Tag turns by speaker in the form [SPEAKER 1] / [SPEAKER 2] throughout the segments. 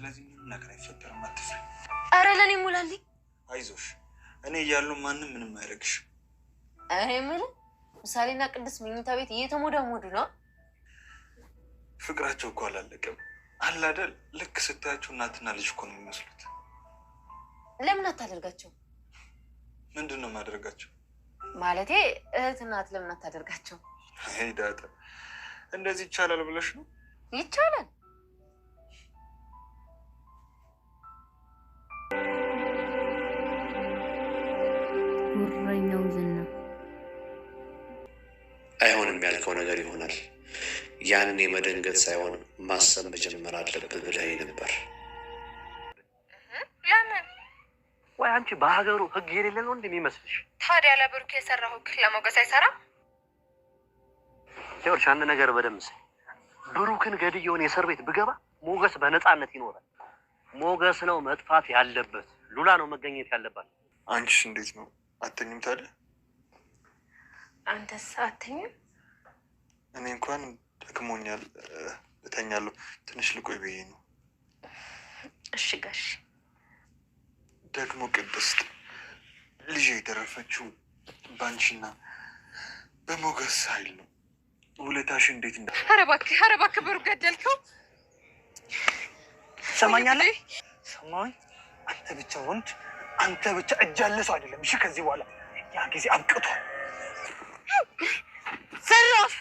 [SPEAKER 1] ስለዚህ ምንም ነገር አይፈጠርም፣ አትፍሪ።
[SPEAKER 2] አረ ለእኔ ሙላልኝ።
[SPEAKER 1] አይዞሽ፣ እኔ እያለሁ ማንም ምንም አያደርግሽ።
[SPEAKER 2] ይሄ ምን ምሳሌና ቅድስት መኝታ ቤት እየተሞዳሞዱ ነው።
[SPEAKER 1] ፍቅራቸው እኮ አላለቅም አላደል። ልክ ስታያቸው እናትና ልጅ እኮ ነው የሚመስሉት።
[SPEAKER 2] ለምን አታደርጋቸው?
[SPEAKER 1] ምንድን ነው የማደርጋቸው?
[SPEAKER 2] ማለቴ እናት ለምን አታደርጋቸው?
[SPEAKER 1] ዳጣ እንደዚህ ይቻላል ብለሽ ነው? ይቻላል የሚያልፈው ነገር ይሆናል። ያንን የመደንገጥ ሳይሆን ማሰብ መጀመር አለብህ ብለህ ነበር።
[SPEAKER 3] ወይ አንቺ በሀገሩ ህግ የሌለ ነው እንደሚመስልሽ?
[SPEAKER 2] ታዲያ ለብሩክ የሰራው ህግ ለሞገስ አይሰራም?
[SPEAKER 3] ይኸውልሽ አንድ ነገር በደምስ ብሩክን ገድየውን የእስር ቤት ብገባ ሞገስ በነፃነት ይኖራል። ሞገስ ነው መጥፋት ያለበት፣ ሉላ ነው መገኘት ያለባት።
[SPEAKER 1] አንቺስ እንዴት ነው አተኝም? ታዲያ
[SPEAKER 2] አንተስ አተኝም?
[SPEAKER 1] እኔ እንኳን ደክሞኛል፣ እተኛለሁ። ትንሽ ልቆይ ብዬ ነው። እሺ ጋሽ። ደግሞ ቅድስት ልጄ የተረፈችው ባንቺና በሞገስ ኃይል ነው። ውለታሽ እንዴት እንዳ
[SPEAKER 2] ኧረ እባክህ ኧረ እባክህ ብሩ ገደልከው።
[SPEAKER 3] ሰማኛለህ?
[SPEAKER 1] ሰማኝ። አንተ ብቻ ወንድ፣ አንተ ብቻ እጅ ያለ ሰው አይደለም። እሺ፣ ከዚህ በኋላ ያ ጊዜ አብቅቷል።
[SPEAKER 2] ሰራፍ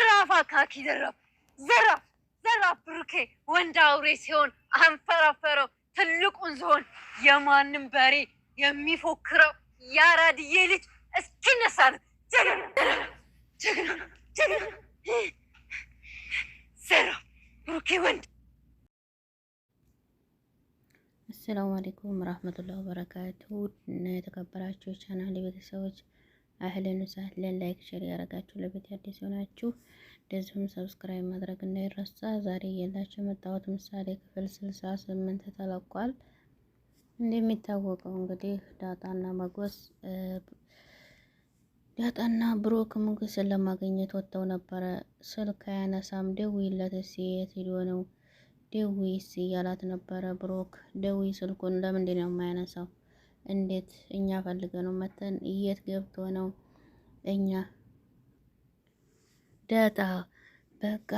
[SPEAKER 2] ዘራፍ፣ አካኪ ዘራፍ፣ ዘራፍ፣ ዘራፍ። ብሩኬ ወንድ አውሬ ሲሆን አንፈራፈረው። ትልቁን ዝሆን የማንም በሬ የሚፎክረው ያራድዬ ልጅ እስኪነሳ ነው። ዘራፍ ብሩኬ ወንድ አሰላሙ አለይኩም ረህመቱላህ በረካቱ። የተከበራችሁ የቻናል ቤተሰቦች አህለን ሳህለን ላይክ ሼር ያደረጋችሁ ለቤት አዲስ ሆናችሁ እንደዚሁም ሰብስክራይብ ማድረግ እንዳይረሳ። ዛሬ እየላችሁ የመጣሁት ምሳሌ ክፍል ስልሳ ስምንት ተለቋል። እንደሚታወቀው እንግዲህ ዳጣና መጎስ ዳጣና ብሮክ ሞገስን ለማግኘት ወጥተው ነበረ። ስልክ አያነሳም። ደውይለት ሴት ሄዶ ነው ደዊ እያላት ነበረ። ብሮክ ደዊ ስልኩን ለምንድን ነው የማያነሳው? እንዴት እኛ ፈልገ ነው መተን የት ገብቶ ነው እኛ ዳጣ በቃ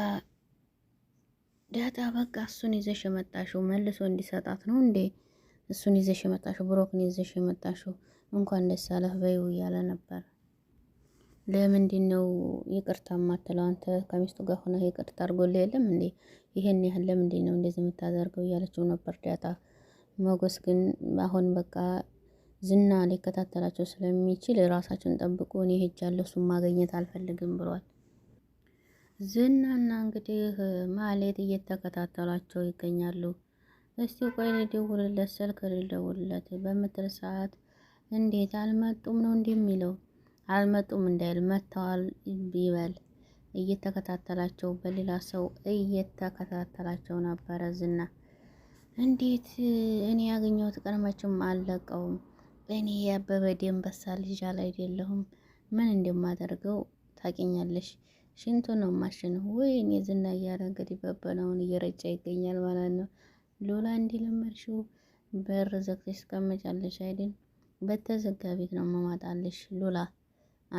[SPEAKER 2] ዳጣ በቃ እሱን ይዘሽ የመጣሽው መልሶ እንዲሰጣት ነው እንዴ? እሱን ይዘሽ የመጣሽው ብሮክን ይዘሽ የመጣሽው እንኳን ደስ አለህ በይው እያለ ነበር። ለምንድን ነው ይቅርታ ማትለው አንተ? ከሚስቱ ጋር ሆነ ይቅርታ አድርጎልህ የለም እንዴ? ይሄን ያህል ለምንድን ነው እንደዚህ የምታደርገው? እያለችው ነበር ዳጣ። ሞገስ ግን አሁን በቃ ዝና ሊከታተላቸው ስለሚችል ራሳቸውን ጠብቁ፣ እኔ ሄጃለሁ፣ እሱን ማግኘት አልፈልግም ብሏል። ዝናና እንግዲህ ማሌት እየተከታተሏቸው ይገኛሉ። እስቲ ቆይ ልደውልለት፣ ስልክ ልደውልለት በምትል ሰዓት እንዴት አልመጡም ነው እንዲህ የሚለው አልመጡም እንዳይል መጥተዋል ይበል። እየተከታተላቸው በሌላ ሰው እየተከታተላቸው ነበረ ዝና። እንዴት እኔ ያገኘሁት ቀን አልለቀውም እኔ የአበበ ደንበሳ ልጅ አለ አይደለሁም። ምን እንደማደርገው ታውቂኛለሽ። ሽንቱ ነው ማሽን ወይ እኔ ዝና እያለ እንግዲህ በበናውን እየረጫ ይገኛል ማለት ነው። ሎላ እንዲለመድሽው በር ዘግተሽ ትቀመጫለሽ አይደል? በተዘጋ ቤት ነው መማጣለሽ። ሎላ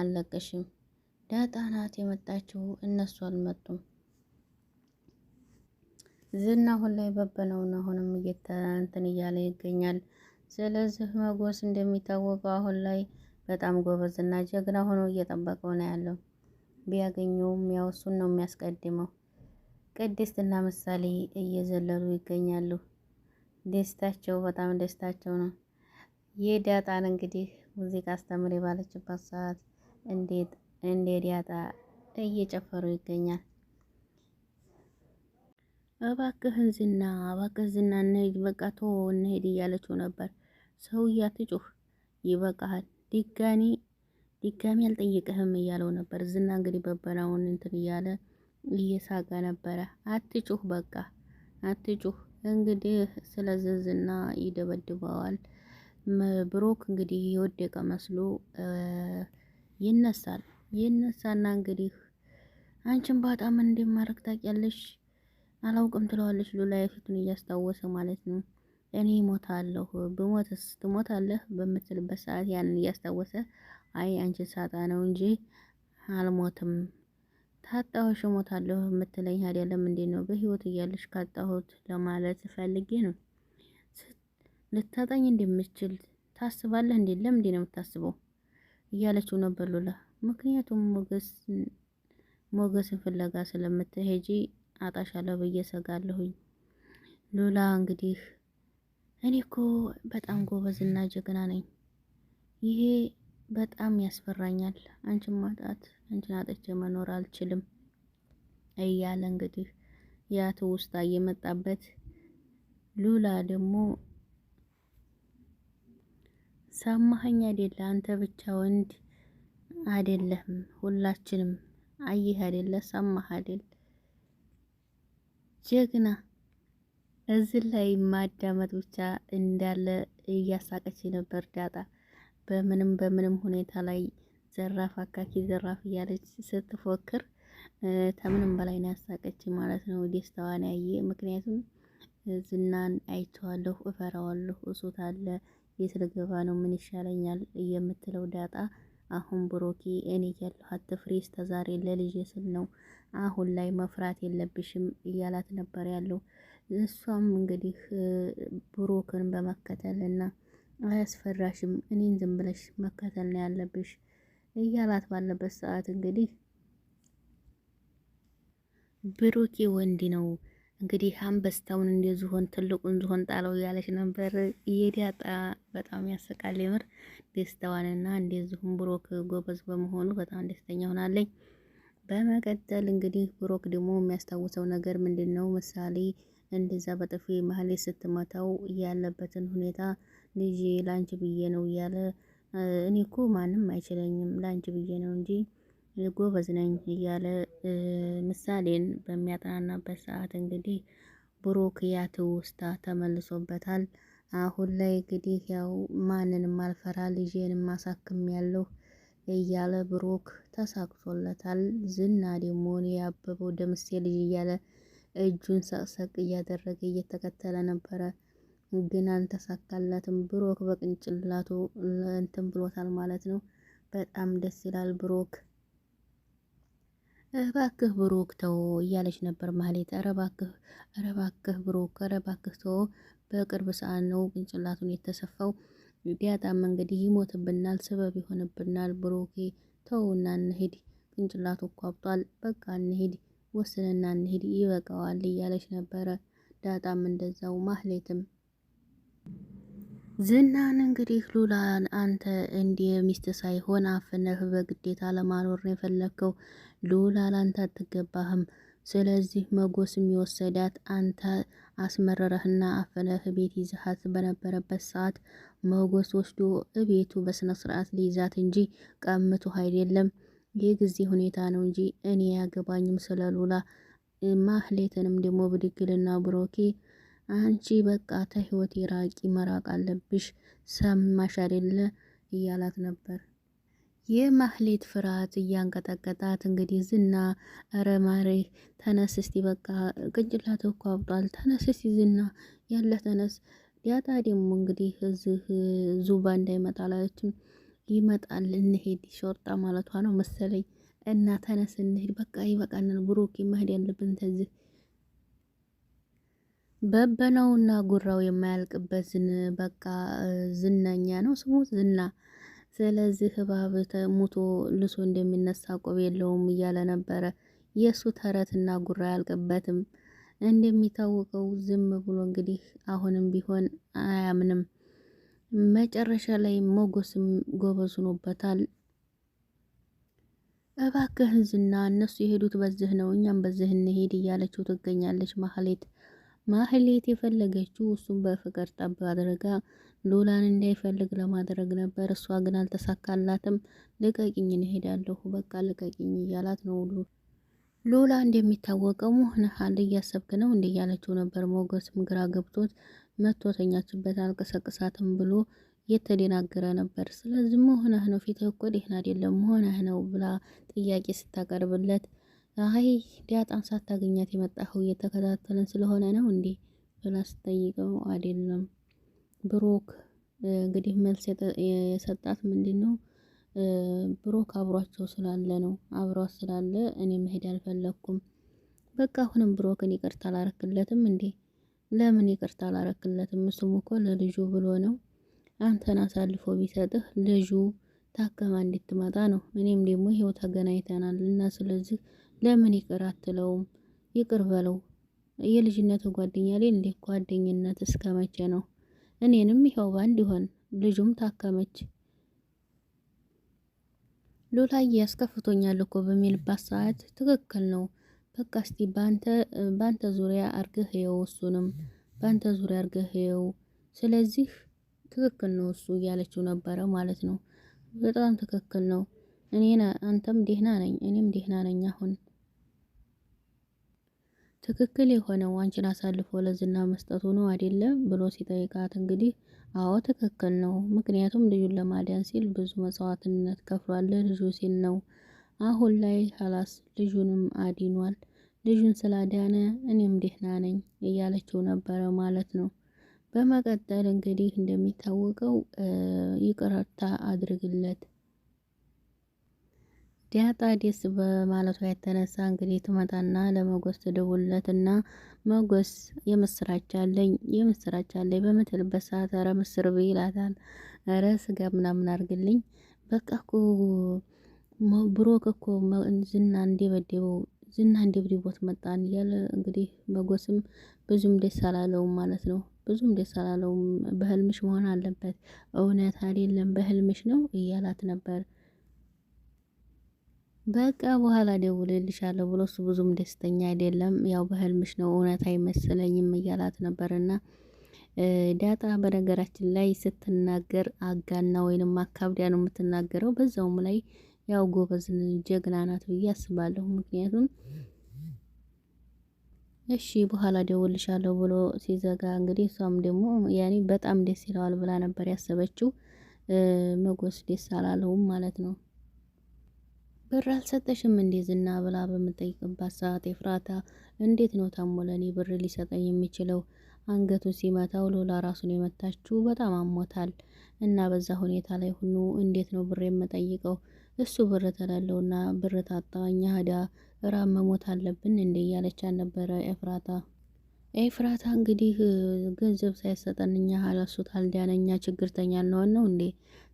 [SPEAKER 2] አለቀሽም። ዳጣ ናት የመጣችው፣ እነሱ አልመጡም። ዝና አሁን ላይ በበናውን አሁንም እየተንትን እያለ ይገኛል። ስለዚህ መጎስ እንደሚታወቀው አሁን ላይ በጣም ጎበዝ እና ጀግና ሆኖ እየጠበቀው ነው ያለው። ቢያገኘውም ያው እሱን ነው የሚያስቀድመው። ቅድስት እና ምሳሌ እየዘለሉ ይገኛሉ። ደስታቸው በጣም ደስታቸው ነው። የዳጣን እንግዲህ ሙዚቃ አስተምር ባለችበት ሰዓት እንዴት እንደ ዳጣ እየጨፈሩ ይገኛል። እባክህን ዝና እባክህ ዝና እንሂድ፣ በቃ ቶ እንሂድ እያለችው ነበር ሰውዬ አትጩህ፣ ይበቃሃል፣ ድጋሚ ድጋሚ አልጠይቅህም እያለው ነበር። ዝና እንግዲህ በበላውን እንትን እያለ እየሳቀ ነበረ። አትጩህ፣ በቃ አትጩህ። እንግዲህ ስለዚህ ዝና ይደበድበዋል። ብሩክ እንግዲህ የወደቀ መስሎ ይነሳል። ይነሳና እንግዲህ አንቺን በጣም እንደማረግ ታውቂያለሽ አላውቅም ትለዋለች ሉላ የፊቱን እያስታወሰ ማለት ነው። እኔ እሞታለሁ ብሞትስ ትሞታለህ በምትልበት ሰዓት ያንን እያስታወሰ አይ አንቺ ሳጣ ነው እንጂ አልሞትም ታጣሁሽ ሞታለሁ የምትለኝ አይደለም እንዴ ነው በህይወት እያለሽ ካጣሁት ለማለት ፈልጌ ነው ልታጣኝ እንደምችል ታስባለህ እንዴ ለምንድን ነው የምታስበው እያለችው ነበር ሉላ ምክንያቱም ሞገስ ሞገስን ፍለጋ ስለምትሄጂ አጣሻለሁ ብዬ ሰጋለሁኝ ሉላ እንግዲህ እኔ እኮ በጣም ጎበዝና ጀግና ነኝ። ይሄ በጣም ያስፈራኛል። አንቺን ማጣት፣ አንቺን አጥቼ መኖር አልችልም እያለ እንግዲህ ያ ትውስታ እየመጣበት ሉላ ደግሞ ሰማኸኝ አይደለ አንተ ብቻ ወንድ አይደለህም፣ ሁላችንም አየህ አይደለ ሰማህ አይደል ጀግና እዚህ ላይ ማዳመጥ ብቻ እንዳለ እያሳቀች ነበር ዳጣ። በምንም በምንም ሁኔታ ላይ ዘራፍ አካኪ ዘራፍ እያለች ስትፎክር ከምንም በላይ ነው ያሳቀች ማለት ነው። ደስታዋን ያየ ምክንያቱም ዝናን አይቼዋለሁ፣ እፈራዋለሁ፣ እሱት አለ የት ልገባ ነው ምን ይሻለኛል የምትለው ዳጣ አሁን ብሮኬ እኔ ያለሁ አትፍሪ፣ እስከ ዛሬ ለልጄ ስል ነው፣ አሁን ላይ መፍራት የለብሽም እያላት ነበር ያለው እሷም እንግዲህ ብሩክን በመከተል እና አያስፈራሽም፣ እኔን ዝም ብለሽ መከተል ነው ያለብሽ እያላት ባለበት ሰዓት እንግዲህ ብሩኬ ወንድ ነው እንግዲህ አንበስታውን እንደ ዝሆን ትልቁን ዝሆን ጣለው ያለች ነበር። የዲያጣ በጣም ያሰቃል የምር ደስታዋንና እንደ ዝሆን ብሮክ ጎበዝ በመሆኑ በጣም ደስተኛ ሆናለኝ። በመቀጠል እንግዲህ ብሮክ ደግሞ የሚያስታውሰው ነገር ምንድን ነው ምሳሌ እንደዛ በጥፊ መሀሌ ስትመታው ያለበትን ሁኔታ ልጅ ላንቺ ብዬ ነው እያለ እኔ እኮ ማንም አይችለኝም ላንቺ ብዬ ነው እንጂ ጎበዝ ነኝ እያለ ምሳሌን በሚያጠናናበት ሰዓት እንግዲህ ብሩክ ያ ትውስታ ተመልሶበታል። አሁን ላይ እንግዲህ ያው ማንንም አልፈራ ልጅን ማሳክም ያለሁ እያለ ብሩክ ተሳክቶለታል። ዝና ደግሞ ያበበው ደምሴ ልጅ እያለ እጁን ሰቅሰቅ እያደረገ እየተከተለ ነበረ፣ ግን አልተሳካለትም። ብሮክ በቅንጭላቱ እንትን ብሎታል ማለት ነው። በጣም ደስ ይላል ብሮክ እባክህ ብሩክ ተው እያለች ነበር ማህሌት። እባክህ እባክህ ብሩክ እባክህ ተው፣ በቅርብ ሰዓት ነው ቅንጭላቱን የተሰፋው። ቢያጣም እንግዲህ ይሞትብናል፣ ስበብ ይሆንብናል። ብሩክ ተው እና እንሂድ፣ ቅንጭላቱ እኮ አብጧል። በቃ እንሂድ። ወስንና እንሂድ ይበቃዋል እያለች ነበረ። ዳጣም እንደዛው ማህሌትም ዝናን እንግዲህ ሉላን አንተ እንዲህ ሚስት ሳይሆን አፍነህ በግዴታ ለማኖር ነው የፈለግከው። ሉላ ላንተ አትገባህም። ስለዚህ መጎስ የሚወሰዳት አንተ አስመረረህና አፍነህ ቤት ይዘሃት በነበረበት ሰዓት መጎስ ወስዶ እቤቱ በስነ ስርዓት ሊይዛት እንጂ ቀምቶ አይደለም። የጊዜ ሁኔታ ነው እንጂ እኔ ያገባኝም ስለሉላ ማህሌትንም ደግሞ ብድግልና ብሮኬ አንቺ በቃ ተህይወት ራቂ መራቅ አለብሽ ሰማሽ አይደለ እያላት ነበር። የማህሌት ፍርሃት እያንቀጠቀጣት እንግዲህ ዝና ኧረ ማሬ ተነስ እስቲ በቃ ቅንጭላት እኮ አብጧል ተነስ እስቲ ዝና ያለ ተነስ ዲያጣ ደግሞ እንግዲህ እዚህ ዙባ እንዳይመጣ አላለችም። ይመጣል እንሄድ ሾርጣ ማለቷ ነው መሰለኝ። እና ተነስ እንሄድ፣ በቃ ይበቃናል፣ ብሩክ መሄድ ያለብን ተዚህ በበነውና ጉራው የማያልቅበት ዝን በቃ ዝናኛ ነው ስሙ ዝና። ስለዚህ እባብ ሙቶ ልሶ እንደሚነሳ ቆብ የለውም እያለ ነበረ። የእሱ ተረትና ጉራ ያልቅበትም እንደሚታወቀው ዝም ብሎ እንግዲህ አሁንም ቢሆን አያምንም። መጨረሻ ላይ ሞገስም ጎበዝ ሆኖበታል። እባክህ ዝና እነሱ የሄዱት በዚህ ነው፣ እኛም በዚህ እንሄድ እያለችው ትገኛለች። ማህሌት ማህሌት የፈለገችው እሱን በፍቅር ጠብ አድርጋ ሉላን እንዳይፈልግ ለማድረግ ነበር። እሷ ግን አልተሳካላትም። ልቀቂኝ፣ እንሄዳለሁ፣ በቃ ልቀቂኝ እያላት ነው። ሉላ እንደሚታወቀው ሆነሃል፣ እያሰብክ ነው እንዲህ እያለችው ነበር። ሞገስም ግራ ገብቶት መቶ ተኛችበት አልቀሰቅሳትም ብሎ እየተደናገረ ነበር። ስለዚህ መሆንህ ነው ፊትህ እኮ ደህና አይደለም መሆንህ ነው ብላ ጥያቄ ስታቀርብለት አይ ዳጣን ሳታገኛት የመጣኸው እየተከታተለን ስለሆነ ነው እንዴ ብላ ስጠይቀው አይደለም ብሩክ እንግዲህ መልስ የሰጣት ምንድን ነው ብሩክ አብሯቸው ስላለ ነው አብሯት ስላለ እኔ መሄድ አልፈለግኩም በቃ አሁንም ብሩክን ይቅርታ አላረክለትም እንዴ ለምን ይቅርታ አላረክለትም? እሱም እኮ ለልጁ ብሎ ነው አንተን አሳልፎ ቢሰጥህ ልጁ ታከማ እንድትመጣ ነው። እኔም ደግሞ ይሄው ተገናኝተናል እና ስለዚህ ለምን ይቅር አትለውም? ይቅር በለው። የልጅነት ጓደኛ ላይ እንዴ ጓደኝነት እስከ መቼ ነው? እኔንም ይኸው ባንድ ይሆን ልጁም ታከመች። ሉላዬ አስከፍቶኛል እኮ በሚልባት ሰዓት ትክክል ነው። በቃ እስቲ ባንተ ባንተ ዙሪያ አርገህ የው እሱንም ባንተ ዙሪያ አርገህ የው። ስለዚህ ትክክል ነው እሱ እያለችው ነበረ ማለት ነው። በጣም ትክክል ነው። እኔን አንተም ደህና ነኝ፣ እኔም ደህና ነኝ። አሁን ትክክል የሆነው አንቺን አሳልፎ ለዝና መስጠቱ ነው አይደለ? ብሎ ሲጠይቃት እንግዲህ አዎ ትክክል ነው፣ ምክንያቱም ልጁን ለማዳን ሲል ብዙ መስዋዕትነት ከፍሏል። ልጁ ሲል ነው አሁን ላይ ሀላስ ልጁንም አዲኗል። ልጁን ስላዳነ እኔም ደህና ነኝ እያለችው ነበረ ማለት ነው። በመቀጠል እንግዲህ እንደሚታወቀው ይቅርታ አድርግለት ዲያጣ ደስ በማለቷ የተነሳ እንግዲህ ትመጣና ለመጎስ ትደውልለት እና መጎስ የምስራች አለኝ የምስራች አለኝ በምትልበት ሰዓት ኧረ ምስር ብይ ይላታል። ኧረ ስጋ ምናምን አርግልኝ በቃ እኮ ብሮክ እኮ ዝና እንደበደበው ዝና እንደብድቦት መጣን እያለ እንግዲህ መጎስም ብዙም ደስ አላለውም ማለት ነው። ብዙም ደስ አላለውም። በህልምሽ መሆን አለበት እውነት አይደለም በህልምሽ ነው እያላት ነበር። በቃ በኋላ ደውልልሻለሁ ብሎ እሱ ብዙም ደስተኛ አይደለም። ያው በህልምሽ ነው እውነት አይመሰለኝም እያላት ነበርና ዳጣ በነገራችን ላይ ስትናገር አጋና ወይንም አካብዲያ ነው የምትናገረው። በዛውም ላይ ያው ጎበዝ ጀግና ናት ብዬ አስባለሁ። ምክንያቱም እሺ በኋላ ደውልሻለሁ ብሎ ሲዘጋ እንግዲህ እሷም ደግሞ ያኔ በጣም ደስ ይለዋል ብላ ነበር ያሰበችው። መጎስ ደስ አላለውም ማለት ነው። ብር አልሰጠሽም እንዴ ዝና ብላ በምጠይቅባት ሰዓት የፍራታ እንዴት ነው ታሞ ለእኔ ብር ሊሰጠኝ የሚችለው? አንገቱ ሲመታው ሎላ ራሱን የመታችው በጣም አሞታል እና በዛ ሁኔታ ላይ ሁኑ እንዴት ነው ብር የምጠይቀው? እሱ ብር ተላለውና ብር ታጣ እኛ ሀዳ ራ መሞት አለብን እንዴ እያለች ነበረ ኤፍራታ። ኤፍራታ እንግዲህ ገንዘብ ሳይሰጠን እኛ ሀላሱ ታልዲያነ ችግርተኛ እንሆን ነው እንዴ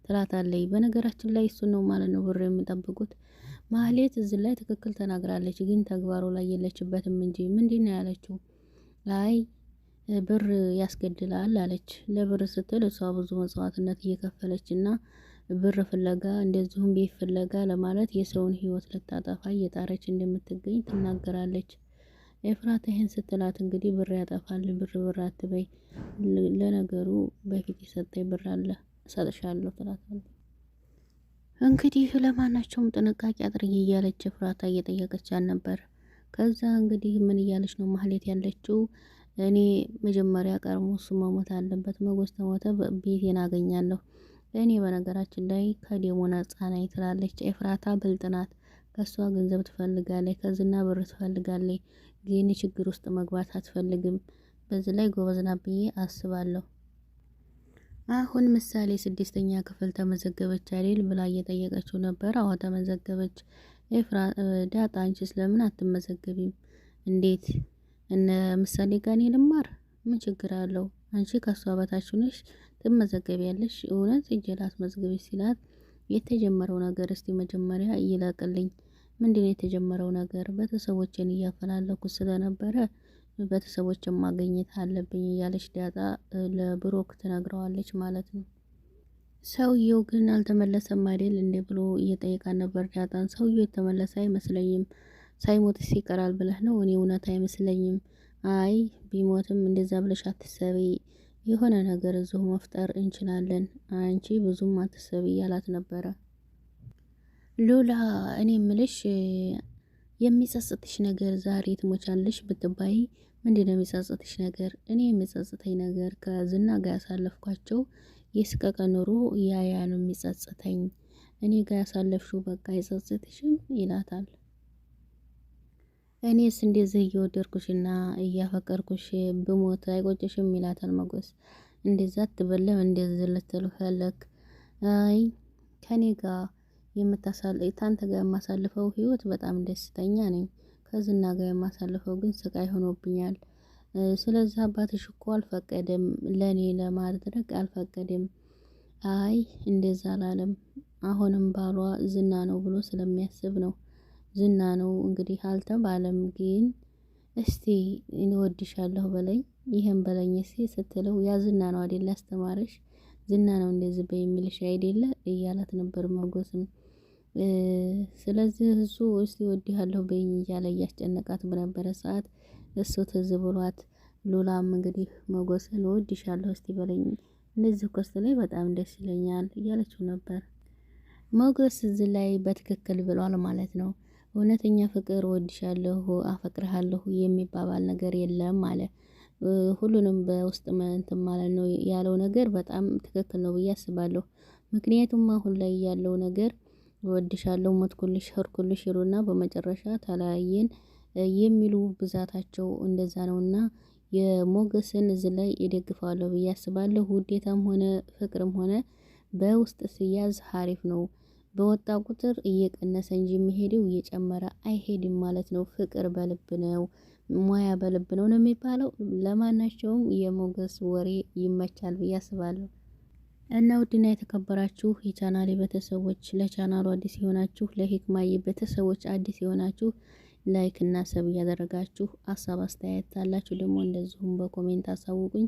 [SPEAKER 2] ትላታለች። በነገራችን ላይ እሱ ነው ማለት ነው ብር የሚጠብቁት። ማህሌት እዚህ ላይ ትክክል ተናግራለች፣ ግን ተግባሩ ላይ የለችበትም እንጂ ምንድን ነው ያለችው? አይ ብር ያስገድላል አለች። ለብር ስትል እሷ ብዙ መጽዋትነት እየከፈለች እና ብር ፍለጋ እንደዚሁም ቤት ፍለጋ ለማለት የሰውን ህይወት ልታጠፋ እየጣረች እንደምትገኝ ትናገራለች። ኤፍራት ይህን ስትላት እንግዲህ ብር ያጠፋል፣ ብር ብር አትበይ፣ ለነገሩ በፊት የሰጠኝ ብር አለ እሰጥሻለሁ ትላታለች። እንግዲህ ለማናቸውም ጥንቃቄ አድርጊ እያለች ኤፍራታ እየጠየቀች ነበር። ከዛ እንግዲህ ምን እያለች ነው ማህሌት ያለችው? እኔ መጀመሪያ ቀርሞ እሱ መሞት አለበት፣ መጎስ ተሞተ ቤቴን አገኛለሁ እኔ በነገራችን ላይ ከዴሞና ጻናይ ትላለች ኤፍራታ ብልጥ ናት። ከእሷ ገንዘብ ትፈልጋለች፣ ከዝና ብር ትፈልጋለች። ግን ችግር ውስጥ መግባት አትፈልግም። በዚህ ላይ ጎበዝና ብዬ አስባለሁ። አሁን ምሳሌ ስድስተኛ ክፍል ተመዘገበች አይደል ብላ እየጠየቀችው ነበር። አዎ ተመዘገበች። ዳጣ አንቺስ ለምን አትመዘገቢም? እንዴት እነ ምሳሌ ጋር ልማር ምን ችግር አለው? አንቺ ከሷ በታች ነሽ ትመዘገቢያለሽ እውነት እጀላ አስመዝግበሽ ሲላት የተጀመረው ነገር እስቲ መጀመሪያ ይለቅልኝ። ምንድን የተጀመረው ነገር? ቤተሰቦችን እያፈላለኩ ስለነበረ ቤተሰቦችን ማግኘት አለብኝ እያለች ዳጣ ለብሮክ ትነግረዋለች ማለት ነው። ሰውየው ግን አልተመለሰም አይደል እንዴ ብሎ እየጠየቃ ነበር ዳጣን። ሰውየው የተመለሰ አይመስለኝም። ሳይሞት ይቀራል ብለህ ነው? እኔ እውነት አይመስለኝም። አይ ቢሞትም እንደዛ ብለሽ አትሰቢ የሆነ ነገር እዚሁ መፍጠር እንችላለን፣ አንቺ ብዙም አትሰብ እያላት ነበረ። ሉላ እኔ ምልሽ የሚጸጽትሽ ነገር ዛሬ ትሞቻለሽ ብትባይ ምንድን ነው የሚጸጽትሽ ነገር? እኔ የሚጸጽተኝ ነገር ከዝና ጋር ያሳለፍኳቸው የስቀቀ ኑሮ ያያ ነው የሚጸጽተኝ። እኔ ጋር ያሳለፍሽው በቃ አይጸጽትሽም ይላታል። እኔስ እንደዚህ እየወደድኩሽና እያፈቀርኩሽ ብሞት አይቆጭሽም? ይላታል መጎስ። እንደዛ አትበለም እንደዚህ ልትል ፈለክ? አይ ከኔ ጋር የምታሳልፍ ታንተ ጋር የማሳልፈው ህይወት በጣም ደስተኛ ነኝ። ከዝና ጋር የማሳልፈው ግን ስቃይ ሆኖብኛል። ስለዚህ አባትሽ እኮ አልፈቀደም፣ ለኔ ለማድረግ አልፈቀደም። አይ እንደዛ አላለም። አሁንም ባሏ ዝና ነው ብሎ ስለሚያስብ ነው ዝና ነው እንግዲህ አልተባለም። ግን እስቲ እንወድሻለሁ በለኝ ይህም በለኝ እስቲ ስትለው ያ ዝና ነው አይደለ አስተማረሽ ዝና ነው እንደዚህ በሚልሽ አይደለ እያላት ነበር ሞገስም። ስለዚህ እሱ እስቲ ወድሃለሁ በይኝ እያለ እያስጨነቃት በነበረ ሰዓት እሱ ትዝ ብሏት ሉላም እንግዲህ ሞገስን ወድሻለሁ እስቲ በለኝ እንደዚህ ኮስት ላይ በጣም ደስ ይለኛል እያለችው ነበር። ሞገስ እዚህ ላይ በትክክል ብሏል ማለት ነው። እውነተኛ ፍቅር ወድሻለሁ፣ አፈቅርሃለሁ የሚባባል ነገር የለም አለ። ሁሉንም በውስጥ እንትን ማለት ነው ያለው ነገር በጣም ትክክል ነው ብዬ አስባለሁ። ምክንያቱም አሁን ላይ ያለው ነገር እወድሻለሁ ሞትኩልሽ ሄድኩልሽ ይሉና በመጨረሻ ተለያየን የሚሉ ብዛታቸው እንደዛ ነውና የሞገስን እዚህ ላይ እደግፈዋለሁ ብዬ አስባለሁ። ውዴታም ሆነ ፍቅርም ሆነ በውስጥ ሲያዝ ሀሪፍ ነው በወጣ ቁጥር እየቀነሰ እንጂ የሚሄደው እየጨመረ አይሄድም ማለት ነው። ፍቅር በልብ ነው፣ ሙያ በልብ ነው ነው የሚባለው። ለማናቸውም የሞገስ ወሬ ይመቻል ብዬ አስባለሁ። እና ውድና የተከበራችሁ የቻናሌ ቤተሰቦች ለቻናሉ አዲስ የሆናችሁ ለሂክማዬ ቤተሰቦች አዲስ የሆናችሁ ላይክ እና ሰብ እያደረጋችሁ ሀሳብ አስተያየት አላችሁ ደግሞ እንደዚሁም በኮሜንት አሳውቁኝ።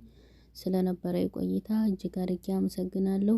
[SPEAKER 2] ስለነበረ ቆይታ እጅግ አድርጌ አመሰግናለሁ።